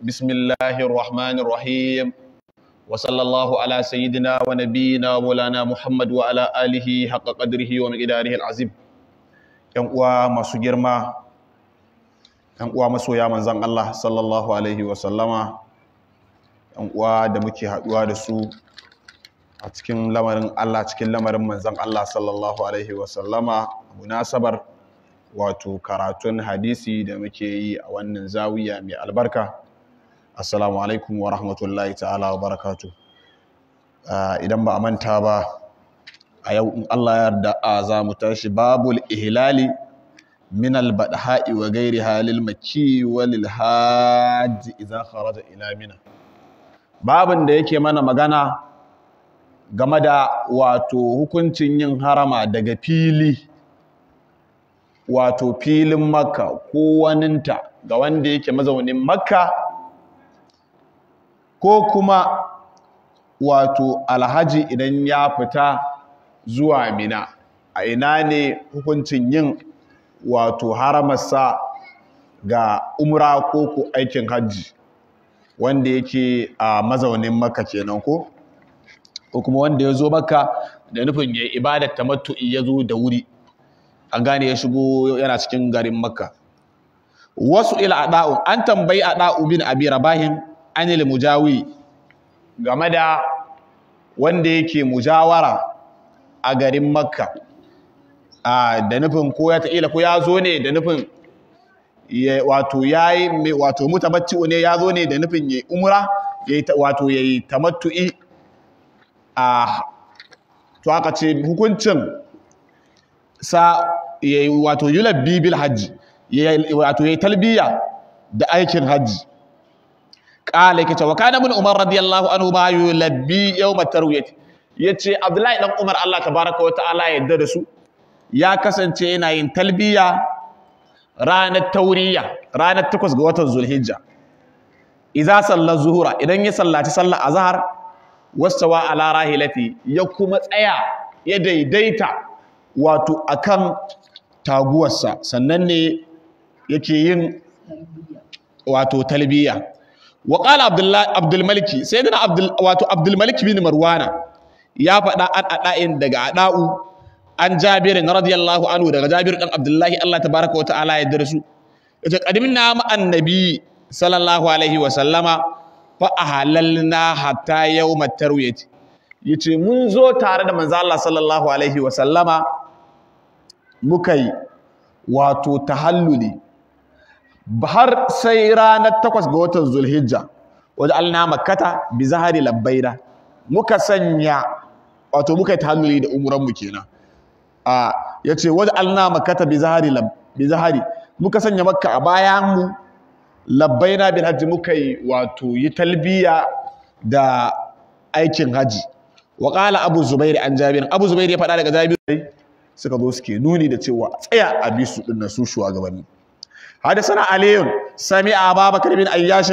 بسم الله الرحمن الرحيم وصلى الله على سيدنا ونبينا مولانا محمد وعلى آله حق قدره ومقداره العظيم ‘yan uwa masu girma ‘yan uwa masoya manzan Allah sallallahu Alaihi wasallama ‘yan uwa da muke haɗuwa da su a cikin lamarin Allah cikin lamarin manzan Allah sallallahu Alaihi wasallama munasabar wato karatun hadisi da muke yi a wannan zawiya mai albarka assalamu alaikum wa rahmatullahi ta'ala wa barakatu ah, idan ba a manta ba a yau in Allah ya yarda a ah, za mu tashi babul ihlali min albadha'i wa ghairi halil maki hajj idza kharaja ila babin da yake mana magana game da wato hukuncin yin harama daga fili wato filin makka ko waninta ga wanda yake mazaunin makka ko kuma wato alhaji idan ya fita zuwa mina a ina ne hukuncin yin wato haramarsa ga umra ko ku aikin hajji wanda yake a mazaunin maka kenan ko ko kuma wanda ya zo maka da nufin ya ibadar tamattu'i ya zo da wuri an gane ya shigo yana cikin garin makka wasu ila ada'u an tambayi a ɗa'u bin abi rabahin anil mujawi game da wanda yake mujawara a garin makka da nufin ko ya ta'ila ko ya zo ne da nufin wato ya yi wato mutabacci ne ya zo ne da nufin ya yi umura, wato ya yi tamattu'i a to aka ce hukuncin sa ya yi wato yi bil hajji wato ya yi talbiya da aikin hajji qala yake cewa kana min umar radiyallahu anhu ma yulabbi yawm at-tarwiyah yace abdullahi dan umar Allah tabaraka wa ta'ala ya yarda da su ya kasance yana yin talbiya ranar tauriya ranar takwas ga watan zulhijja idza salla zuhura idan ya sallaci sallar azhar wasawa ala rahilati ya kuma tsaya ya daidaita wato akan taguwarsa sannan ne yake yin wato talbiya wa qala abdul maliki wato abdul bin marwana ya faɗa an ada'in daga ada'u an jabirin radiyallahu anhu daga jabir dan abdullahi Allah tabaraka wa ta'ala ya darsu yace qadimna ma annabi sallallahu alaihi wa sallama fa ahalalna hatta yawm at yace mun zo tare da manzo Allah sallallahu alaihi wa sallama mukai wato tahalluli har sai ranar takwas ga watan zulhijja wajen alna makata bi zahari labbaida muka sanya wato muka yi tahalluli da umuranmu kenan a ya ce wajen alna makata bi zahari bi zahari muka sanya makka a bayanmu labbaina bin hajji muka yi wato yi talbiya da aikin haji wa qala abu zubair an jabir abu zubair ya faɗa daga jabir suka zo suke nuni da cewa tsaya a bisu su na su shugabanni حدثنا علي سمع أبا بكر بن أياش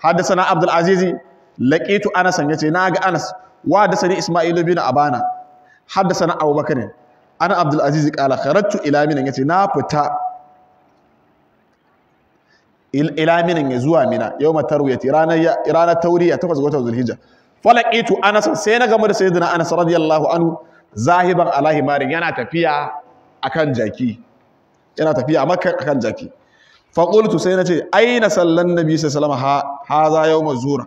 حدثنا عبد العزيز لقيت أنس يتي ناغ أنس وحدثني إسماعيل بن أبانا حدثنا أبو بكر أنا عبد العزيز قال خرجت إلى من يتي نافتا إلى من يزوى منا يوم التروية رانا رانا التورية تقص قوة ذو الهجرة فلقيت أنس سينا غمر سيدنا أنس رضي الله عنه ذاهبا على marin yana tafiya akan jaki yana tafiya makka akan jaki faƙultu sai na ce aina sallan nabi sai salama ha za yau mazura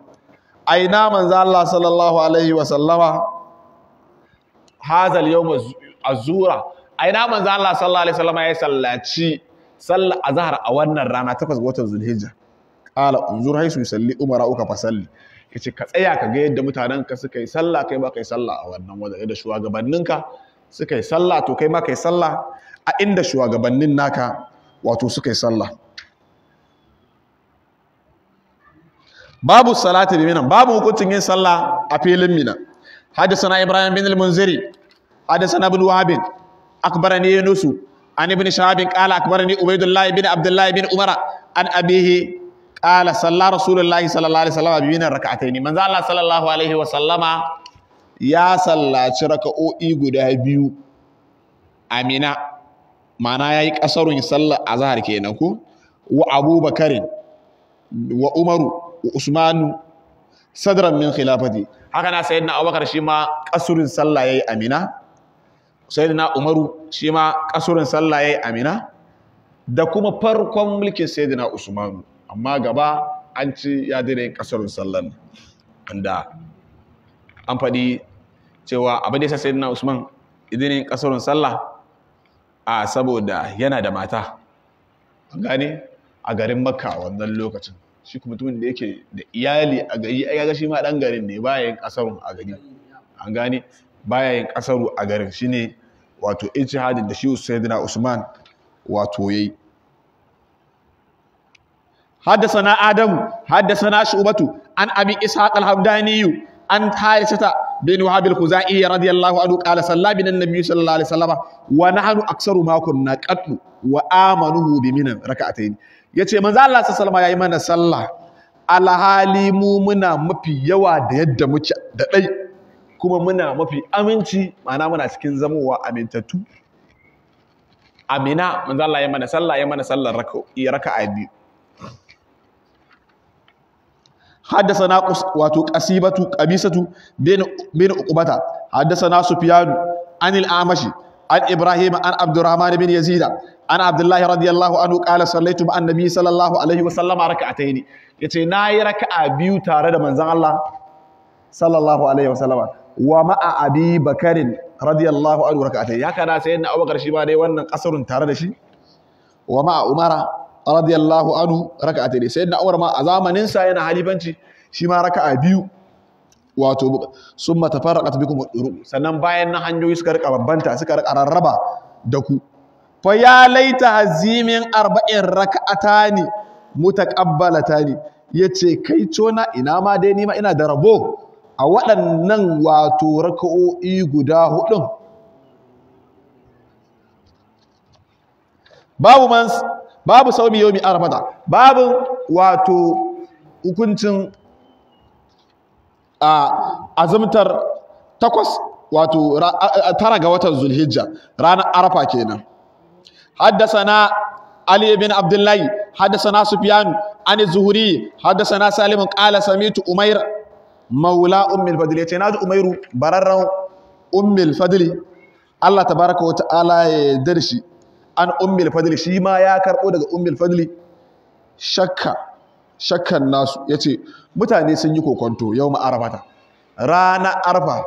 aina manzo Allah sallallahu alaihi wa sallama hazal yau azura aina manzo Allah sallallahu alaihi wa sallama ya sallaci sallar azhar a wannan rana takwas ga watan zulhijja qala unzur haisu yusalli umara uka fa salli ce ka tsaya ka ga yadda mutanen ka suka yi sallah kai ba kai sallah a wannan wajen da shugabanninka suka yi sallah to kai ma kai sallah a inda shugabannin naka wato suka yi sallah babu salati da minan babu hukuncin yin sallah a filin minan. mina na ibrahim bin al-munziri hadisana ibn wahab akbarani yunus an ibn shahab qala akbarani ubaydullah ibn abdullah ibn umara an abihi qala salla rasulullah sallallahu alaihi wasallam bi rak'atayn manzo allah sallallahu alaihi wasallama ya sallaci raka raka'o'i guda biyu amina mana yi kasarun sallah azhar kenan ku wa abubakar wa umaru Usmanu, sadran min khilafati haka na sayyidina abubakar shi ma kasurin sallah yayi amina sayyidina umaru shi ma kasurin sallah yayi amina da kuma farkon mulkin sayyidina Usmanu, amma gaba an ci ya dire kasurin sallan inda an faɗi cewa abin da sayyidina usman idinin kasurin sallah a saboda yana da mata gane a garin makka wannan lokacin shi kuma mutumin da yake da iyali a gari ya ga shi ma dan garin ne bayan yin kasaru a gari an gane baya yin kasaru a garin shine wato ijtihadin da shi sayyidina usman wato yayi haddathana adam haddathana shubatu an abi ishaq al-hamdani an harisata bin wahab al-khuzai radiyallahu anhu qala sallabi nan nabiy sallallahu alaihi wasallam wa nahnu aktsaru ma kunna qatlu wa amanuhu bi minan raka'atayn Ya ce manzan Allah salama ya yi mana sallah alhali mu muna mafi yawa da yadda muke da dai kuma muna mafi aminci ma'ana muna cikin zamowa amintattu amina manzan Allah ya mana sallah ya mana sallar raka'a raka'a haddasa حدثنا واتو قصيبة قبيسة بن haddasa na Sufiyanu, سفيان عن الأعمش an ibrahim an abdurrahman bin yazida an abdullahi radiyallahu anhu qala sallaitu ma annabi sallallahu alaihi wa sallam yace nayi raka'a biyu tare da manzon Allah sallallahu alaihi wa sallam wa ma'a abi radiyallahu anhu raka'atayn ya kana sayyidina abubakar shi dai wannan kasarun tare da shi wa ma'a umara radiyallahu anhu raka'atayn sayyidina umar ma a zamanin sa ya yana halifanci shi ma raka'a biyu wato summa tafarraqat bikum ad-duruq sannan bayan na hanyoyi suka rika babbanta suka rika rarraba da ku fa ya laita hazimin arba'in rak'atani mutaqabbalatani yace kai cona ina ma dai ni ina da rabo a waɗannan wato raka'o'i guda hudun babu man babu saumi yomi arba'a babu wato hukuncin azumtar takwas wato tara ga watan zulhijja ranar arafa kenan haddasa ali bin abdullahi haddasa na sufiyanu an zuhuri haddasa na salimun kala samitu umair maula ummil fadili ce na ji umairu bararren ummil fadili allah ta baraka wata ala ya an ummil fadili shi ma ya karbo daga ummil fadili shakka shakkan nasu ya ce mutane sun yi kokonto yau ma'arafata rana arfa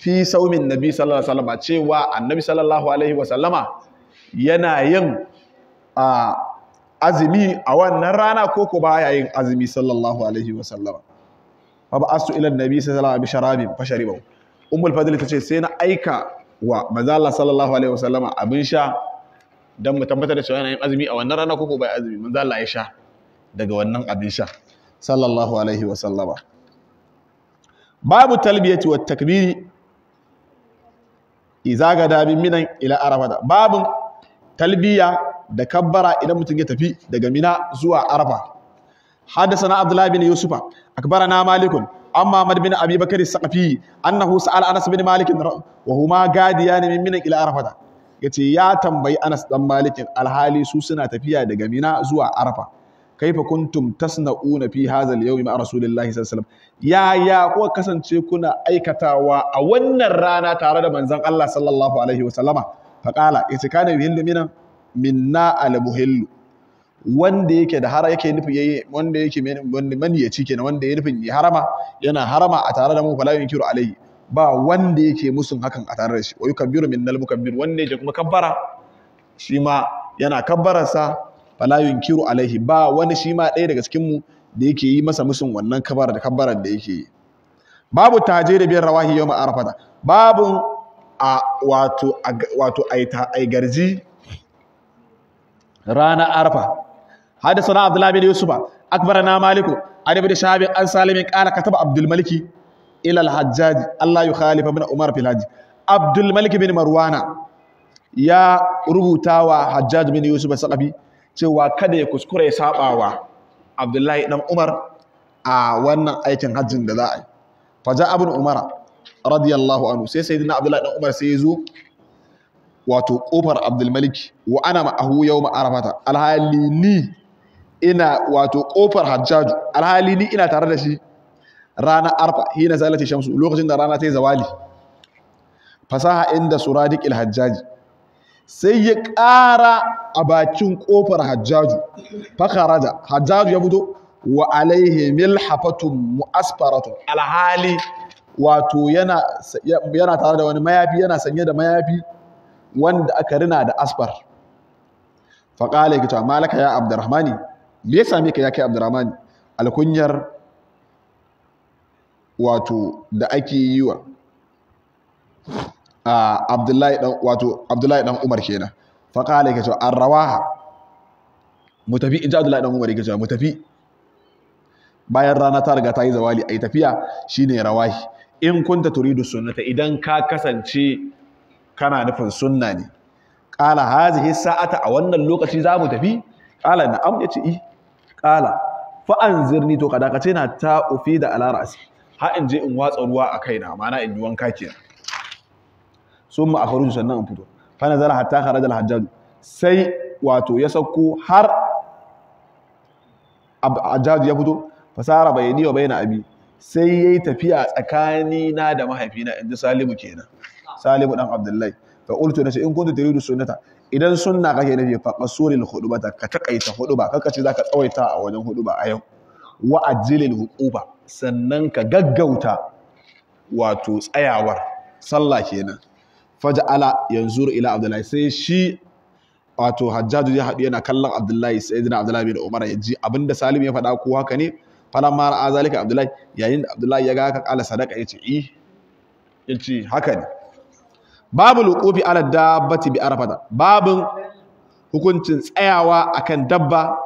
fi saumin nabi sallallahu alaihi wasallama cewa annabi sallallahu alaihi wasallama yana yin a azumi a wannan rana ko ko baya yin azumi sallallahu alaihi wasallama fa asu ila annabi sallallahu alaihi wasallama bi Sharabi sharabin fasharibahu ummul fadl tace sai na aika wa manzo sallallahu alaihi wasallama abin sha dan mu tabbatar da cewa yana yin azumi a wannan rana ko ko baya azumi manzo ya sha daga wannan abin sha sallallahu alaihi wa sallama babu talbiyati wa takbiri iza ga dabin minan ila arafata babu talbiya da kabbara idan mutum ya tafi daga mina zuwa arafa حدثنا abdullah bin yusufa akbarana malikun amma mad bin بن ابي بكر الثقفي انه سال انس Wa مالك وهما غاديان minan ila الى عرفه yace ya tambayi Anas dan Malikin alhali su suna tafiya daga Mina zuwa Arafa kaifa kuntum tasna'una fi hadha al yawm ma rasulillahi sallallahu alaihi wasallam ya kuwa kasance kuna aikatawa a wannan rana tare da manzon Allah sallallahu alaihi wasallama fa qala kana yuhillu mina minna al-muhillu wanda yake da hara yake nufi yayi wanda yake wanda cike kenan wanda ya nufin ya harama yana harama a tare da mu la yunkiru alaihi ba wanda yake musun hakan a tare da shi wa yukabbiru minnal mukabbir wanda yake kuma kabbara shi ma yana kabbararsa fala yunkiru alaihi ba wani shi ma ɗaya daga cikinmu da yake yi masa musun wannan kabara da da yake yi babu je da biyar rawahi yau ma'arafata babu a wato a yi garji rana arfa hada sana abdullahi bin yusufa akbara na maliku an ibn shahab an salimin qala kataba abdul malik ila al hajjaj allah min umar filaji Abdulmaliki bin marwana ya rubuta wa hajjaj bin Yusufa sallallahu cewa kada ya kuskura ya wa Abdullahi dan Umar a wannan aikin hajjin da za a yi faja abin Umar radiyallahu anhu sai dina Abdullahi dan Umar sai ya zo wato kofar Abdul wa ana ma'ahu yau ma'arafata alhali ni ina wato kofar Hajjaju alhali ina tare da shi rana arfa hina zalata shamsu lokacin da rana ta yi zawali fasaha inda suradiq alhajjaji hajjaji sai ya ƙara a bakin ƙofar hajjaju fakaraja hajjaju ya fito wa alaihi milhafatun mu'asfaratun alhali wato yana tare da wani mayafi yana sanye da mayafi wanda aka rina da asfar faƙala ya kita malaka ya abdurrahmani me ya sami ka ya kai abdurrahmani alkunyar wato da ake yi wa abdullahi dan wato abdullahi nan umar kenan fa an yake cewa arwaha mu tafi abdullahi dan umar yake cewa mu tafi bayan rana ta riga ta yi zawali a yi tafiya shi ne rawahi in kunta turidu sunnata idan ka kasance kana nufin sunna ne qala hazihi sa'ata a wannan lokaci za mu tafi Ƙala qala ya ce i eh. Ƙala fa zirni to kadakace ce na ta ufi da alara ra'si ha in je in watsa ruwa a kaina mana in yi wanka kenan sun ma su sannan in fito fa zara hatta kharaja al sai wato ya sauko har hajjaj ya fito fasara bayani wa bayana abi sai ya yi tafiya tsakani na da mahaifina inda salimu kenan salimu dan abdullahi ulto na nashi in kuntu tiridu sunnata idan sunna kake nabi fa qasuril hudubata ka takaita huduba kaka ce ka tsawaita a wajen huduba a yau wa ajilil ba. sannan ka gaggauta wato tsayawar sallah kenan faja'ala yanzu ila abdullahi sai shi wato hajjaju ya haɗu yana kallon abdullahi zina abdullahi bin umar ya ji abinda salim ya faɗa ko haka ne falan ma ra'a zalika abdullahi yayin da abdullahi ya ga haka kala sadaka yace i eh, ce haka ne babu lukufi ala dabbati bi arafata babin hukuncin tsayawa akan dabba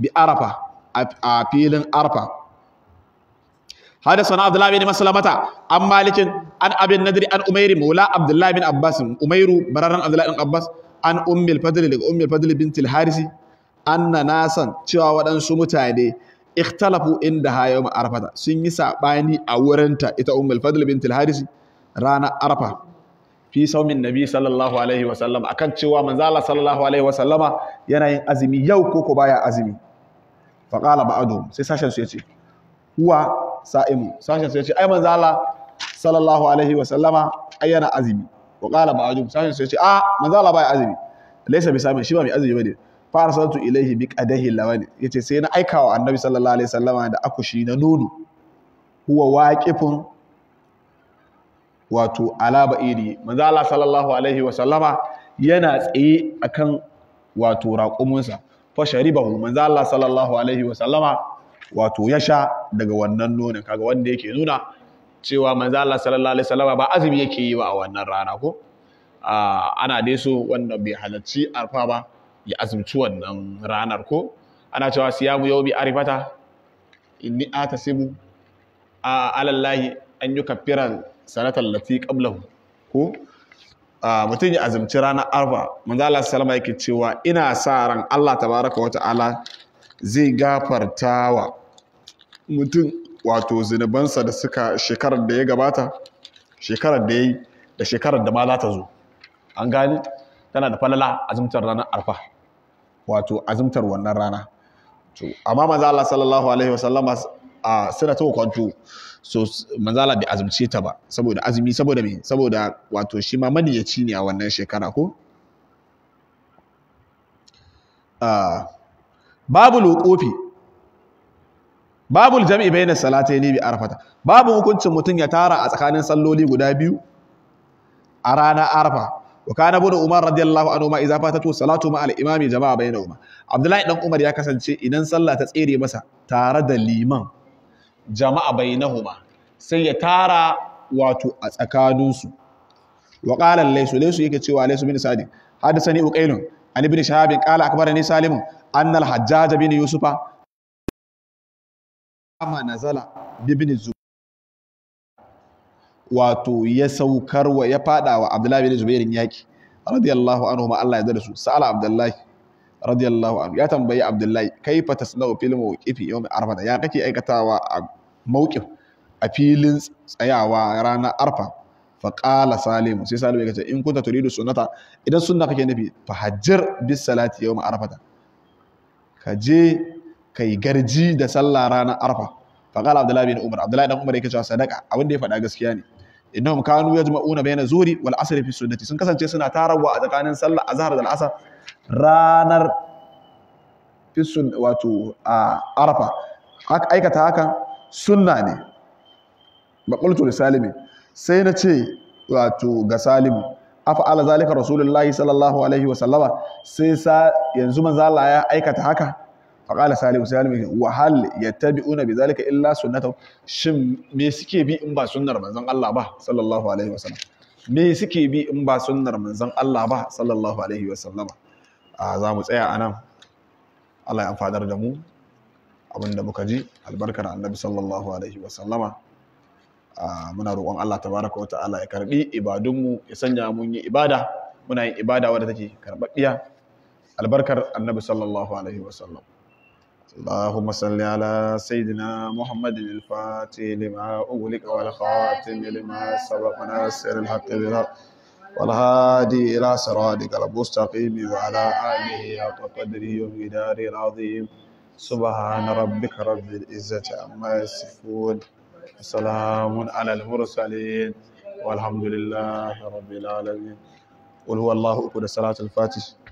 bi arafa a filin arafa حدثنا عبد الله بن مسلمة عن مالك عن أبي النذر عن أمير مولى عبد الله بن عباس أمير برران عبد الله بن عباس عن أم الفضل أم الفضل بنت الحارث أن ناسا تشوا ودان سمتاني اختلفوا عندها يوم عرفة سن يسا أورنتا إتا أم الفضل بنت الحارث رانا عرفة في صوم النبي صلى الله عليه وسلم أكن تشوا من زال صلى الله عليه وسلم ينين أزمي يوكو كوبايا أزمي فقال بعضهم سيساشن سيتي هو sa'imu sashen sai ce ai manzo Allah sallallahu alaihi wa sallama ai azumi wa qala ba'dhum sashen sai ce a Manzala Allah bai azumi laysa bi sami, shi ba mai azumi ba bane fa arsaltu ilaihi bi qadahi Ya ce sai na aika wa annabi sallallahu alaihi wasallama da akushi na nunu. huwa waqifun wato ala ba'idi manzo Allah sallallahu alaihi wasallama yana tsaye akan wato raƙumunsa fa sharibahu manzo Allah sallallahu alaihi wasallama wato ya sha daga wannan nonin kaga wanda yake nuna cewa manzo Allah sallallahu alaihi wasallam ba azumi yake yi ba a wannan rana ko ana dai so wanda bai halarci arfa ba ya azumci wannan ranar ko ana cewa siyamu yawmi arifata inni atasibu alallahi an yi kafiran sanatal lati qablahu ko mutum ya azumci ranar arfa manzo Allah sallallahu alaihi wasallam yake cewa ina sa ran Allah tabaraka wa ta'ala zai gafarta wa mutum wato zinubansa da suka shekarar da ya gabata shekarar da ya yi da shekarar da ma za ta zo an gani tana da falala azumtar ranar arfa wato azumtar wannan rana To amma manzo Allah sallallahu alaihi wasallama a suna ta kwanto so manzo Allah bai azumce ta ba saboda azumi saboda me saboda wato shi ma ci ne a wannan shekara ko ah, babu luqufi babu bayan bayna ne bi arfata babu hukuncin mutum ya tara a tsakanin salloli guda biyu a rana arfa wa kana bunu umar radiyallahu anhu ma idza fatatu salatu ma al imami jama'a bainahuma abdullahi dan umar ya kasance idan sallah ta tsere masa tare da liman jama'a bainahuma sai ya tara wato a tsakaninsu wa qala laysu laysu yake cewa laysu min sadi hadisani uqailun an ibn shahab qala akbarani salim anna al-hajjaj bin yusufa na zala bibin zubair wato ya saukar wa ya fada wa abdullahi bin zubairin yaki radiyallahu anhu ma Allah ya dada su sa'ala abdullahi radiyallahu anhu ya tambayi abdullahi kaifa tasna'u fil mawqifi yawm arfa ya kake aikatawa a mawqif a filin tsayawa ranar arfa Faƙala salimu sai salimu ya ce in kunta turidu sunnata idan sunna kake nufi fa hajjir bis salati yawm arafata ka je kai garji da sallah ranar arfa fa qala abdullahi bin umar abdullahi dan umar yake cewa sadaka abin da ya faɗa gaskiya ne innahum kanu yajma'una bayna zuhri wal asr fi sunnati sun kasance suna tarawa a tsakanin sallar azhar da al'asar ranar fi sun wato a arfa aikata hakan sunna ne ba li salimi sai na ce wato ga salimu afa'ala zalika rasulullahi sallallahu alaihi wasallama sai sa yanzu manzo Allah ya aikata haka faqala salimu salimu wa hal yattabi'una zalika illa sunatau? shin me suke bi in ba sunnar manzon Allah ba sallallahu alaihi wasallam me suke bi in ba sunnar manzon Allah ba sallallahu alaihi wasallama a za mu tsaya anan Allah ya amfadar da mu abinda muka ji albarkar annabi sallallahu alaihi wasallama Ah, muna roƙon Allah tabaraka wa ta'ala ya karbi ibadunmu ya sanya mun yi ibada muna yin ibada wadda take karɓaɓɓiya albarkar annabi sallallahu alaihi wa sallam اللهم صل على سيدنا محمد الفاتح لما أغلق والخاتم لما سبق ناصر الحق بالحق والهادي إلى صراطك المستقيم وعلى آله حق قدره العظيم سبحان ربك رب العزة عما يصفون salamun alal mursalin walhamdulillahi rabbil alamin qul huwallahu uku da salatul fatih